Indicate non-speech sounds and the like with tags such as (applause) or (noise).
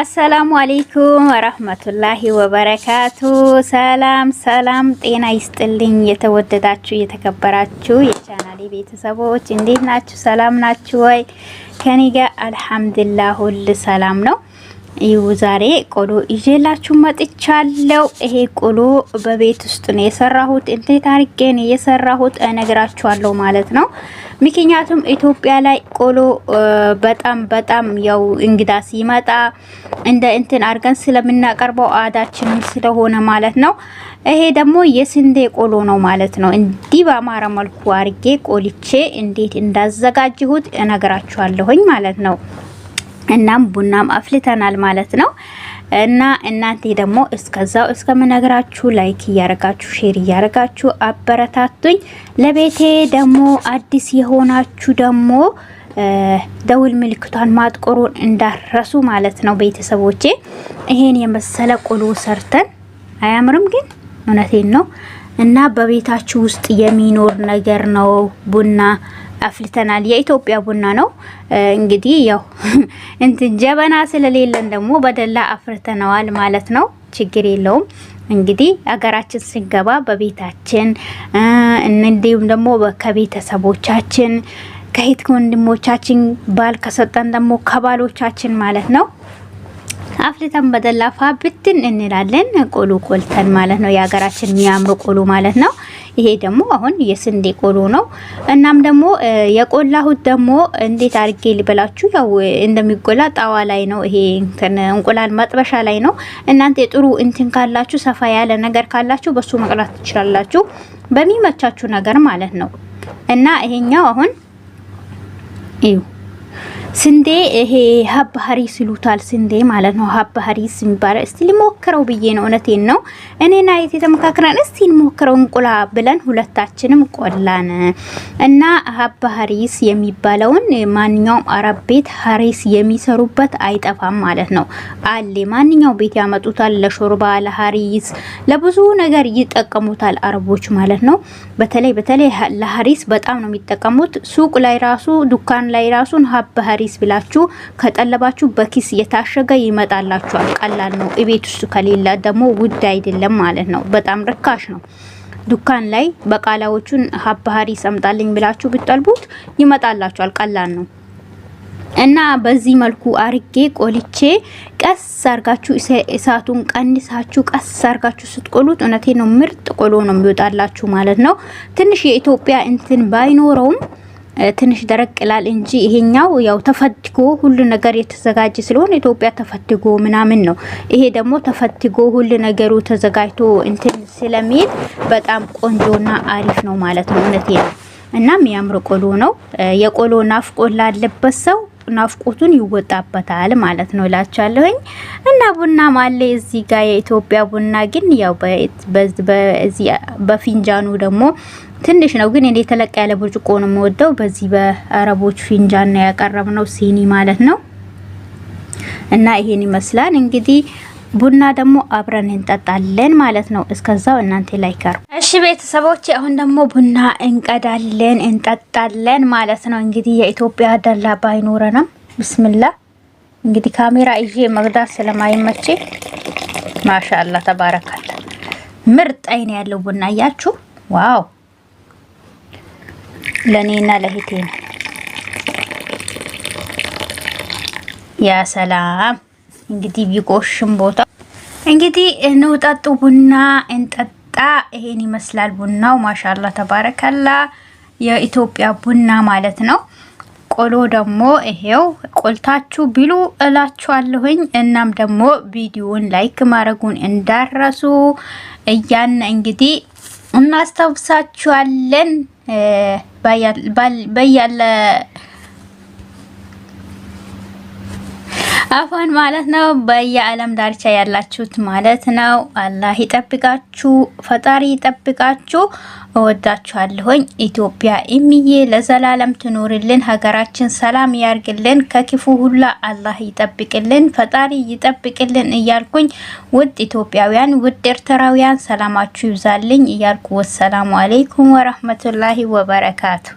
አሰላሙ አሌይኩም ወረህመቱላሂ ወበረካቱ። ሰላም ሰላም፣ ጤና ይስጥልኝ። የተወደዳችሁ የተከበራችሁ የቻናሌ ቤተሰቦች እንዴት ናችሁ? ሰላም ናችሁ ወይ? ከኔ ጋር አልሐምዱሊላህ ሁል ሰላም ነው። ይው ዛሬ ቆሎ ይዤላችሁ መጥቻለሁ። ይሄ ቆሎ በቤት ውስጥ ነው የሰራሁት። እንዴት አድርጌ ነው የሰራሁት እነግራችኋለሁ ማለት ነው። ምክንያቱም ኢትዮጵያ ላይ ቆሎ በጣም በጣም ያው እንግዳ ሲመጣ እንደ እንትን አድርገን ስለምናቀርበው አዳችን ስለሆነ ማለት ነው። ይሄ ደግሞ የስንዴ ቆሎ ነው ማለት ነው። እንዲህ በአማረ መልኩ አድርጌ ቆልቼ እንዴት እንዳዘጋጅሁት እነግራችኋለሁኝ ማለት ነው። እናም ቡናም አፍልተናል ማለት ነው። እና እናንተ ደግሞ እስከዛው እስከምነግራችሁ ላይክ እያረጋችሁ ሼር እያረጋችሁ አበረታቱኝ። ለቤቴ ደግሞ አዲስ የሆናችሁ ደግሞ ደውል ምልክቷን ማጥቆሩን እንዳረሱ ማለት ነው ቤተሰቦቼ። ይሄን የመሰለ ቆሎ ሰርተን አያምርም? ግን እውነቴን ነው እና በቤታችሁ ውስጥ የሚኖር ነገር ነው ቡና አፍልተናል። የኢትዮጵያ ቡና ነው እንግዲህ ያው (laughs) እንትን ጀበና ስለሌለን ደግሞ በደላ አፍርተነዋል ማለት ነው። ችግር የለውም እንግዲህ አገራችን ስንገባ በቤታችን እንዲሁም ደግሞ ከቤተሰቦቻችን ከሂት ወንድሞቻችን ባል ከሰጠን ደግሞ ከባሎቻችን ማለት ነው አፍልተን በጠላፋ ብትን እንላለን። ቆሎ ቆልተን ማለት ነው። የሀገራችን የሚያምሩ ቆሎ ማለት ነው። ይሄ ደግሞ አሁን የስንዴ ቆሎ ነው። እናም ደግሞ የቆላሁት ደግሞ እንዴት አድርጌ ልበላችሁ፣ ያው እንደሚቆላ ጣዋ ላይ ነው። ይሄ እንቁላል መጥበሻ ላይ ነው። እናንተ የጥሩ እንትን ካላችሁ፣ ሰፋ ያለ ነገር ካላችሁ በሱ መቅላት ትችላላችሁ፣ በሚመቻችሁ ነገር ማለት ነው። እና ይሄኛው አሁን እዩ ስንዴ ይሄ ሀብ ሀሪስ ይሉታል። ስንዴ ማለት ነው ሀብ ሀሪስ የሚባለው። እስቲ ልሞክረው ብዬ ነው። እውነቴን ነው። እኔና የት የተመካከረን እስቲ ልሞክረው እንቁላ ብለን ሁለታችንም ቆላን እና ሀብ ሀሪስ የሚባለውን ማንኛውም አረብ ቤት ሀሪስ የሚሰሩበት አይጠፋም ማለት ነው። አለ ማንኛው ቤት ያመጡታል። ለሾርባ፣ ለሀሪስ፣ ለብዙ ነገር ይጠቀሙታል አረቦች ማለት ነው። በተለይ በተለይ ለሀሪስ በጣም ነው የሚጠቀሙት። ሱቅ ላይ ራሱ ዱካን ላይ ራሱን ሀብ ሀሪስ ኪስ ብላችሁ ከጠለባችሁ በኪስ የታሸገ ይመጣላችኋል። ቀላል ነው። እቤት ውስጥ ከሌለ ደግሞ ውድ አይደለም ማለት ነው። በጣም ርካሽ ነው። ዱካን ላይ በቃላዎቹን ሀባህሪ ሰምጣልኝ ብላችሁ ብትጠልቡት ይመጣላችኋል። ቀላል ነው። እና በዚህ መልኩ አርጌ ቆልቼ ቀስ አርጋችሁ እሳቱን ቀንሳችሁ ቀስ አርጋችሁ ስትቆሉት እውነቴ ነው ምርጥ ቆሎ ነው የሚወጣላችሁ ማለት ነው። ትንሽ የኢትዮጵያ እንትን ባይኖረውም ትንሽ ደረቅ ይላል እንጂ ይሄኛው ያው ተፈትጎ ሁሉ ነገር የተዘጋጀ ስለሆነ ኢትዮጵያ ተፈትጎ ምናምን ነው። ይሄ ደግሞ ተፈትጎ ሁሉ ነገሩ ተዘጋጅቶ እንትን ስለሚል በጣም ቆንጆና አሪፍ ነው ማለት ነው። እውነቴ ነው እና የሚያምር ቆሎ ነው። የቆሎ ናፍቆት ላለበት ሰው ናፍቆቱን ይወጣበታል ማለት ነው እላችኋለሁኝ። እና ቡና ማለ እዚህ ጋ የኢትዮጵያ ቡና ግን ያው በፊንጃኑ ደግሞ ትንሽ ነው፣ ግን እኔ ተለቅ ያለ ብርጭቆ ነው የምወደው። በዚህ በአረቦች ፊንጃን ነው ያቀረብነው ሲኒ ማለት ነው። እና ይሄን ይመስላል እንግዲህ ቡና ደግሞ አብረን እንጠጣለን ማለት ነው። እስከዛው እናንተ ላይ ከሩ። እሺ ቤተሰቦች፣ አሁን ደግሞ ቡና እንቀዳለን እንጠጣለን ማለት ነው። እንግዲህ የኢትዮጵያ ደላ ባይኖረንም ብስምላ እንግዲህ ካሜራ ይዤ መግዳት ስለማይመቼ ማሻላ ተባረካል። ምርጥ አይን ያለው ቡና እያችሁ ዋው! ለኔና ለህቴ ነው። ያ ሰላም እንግዲህ ቢቆሽም ቦታ እንግዲህ እንውጣጡ ቡና እንጠጣ። ይሄን ይመስላል ቡናው። ማሻላ ተባረከላ። የኢትዮጵያ ቡና ማለት ነው። ቆሎ ደግሞ ይሄው ቆልታችሁ ብሉ እላችኋለሁኝ። እናም ደግሞ ቪዲዮውን ላይክ ማድረጉን እንዳረሱ እያን እንግዲህ እናስታውሳችኋለን በያለ አፎን ማለት ነው። በየዓለም ዳርቻ ያላችሁት ማለት ነው። አላህ ይጠብቃችሁ፣ ፈጣሪ ይጠብቃችሁ። እወዳችኋለሁኝ። ኢትዮጵያ እምዬ ለዘላለም ትኖርልን፣ ሀገራችን ሰላም ያርግልን፣ ከክፉ ሁላ አላህ ይጠብቅልን፣ ፈጣሪ ይጠብቅልን እያልኩኝ ውድ ኢትዮጵያውያን፣ ውድ ኤርትራውያን ሰላማችሁ ይብዛልኝ እያልኩ ወሰላሙ አሌይኩም ወረህመቱላሂ ወበረካቱ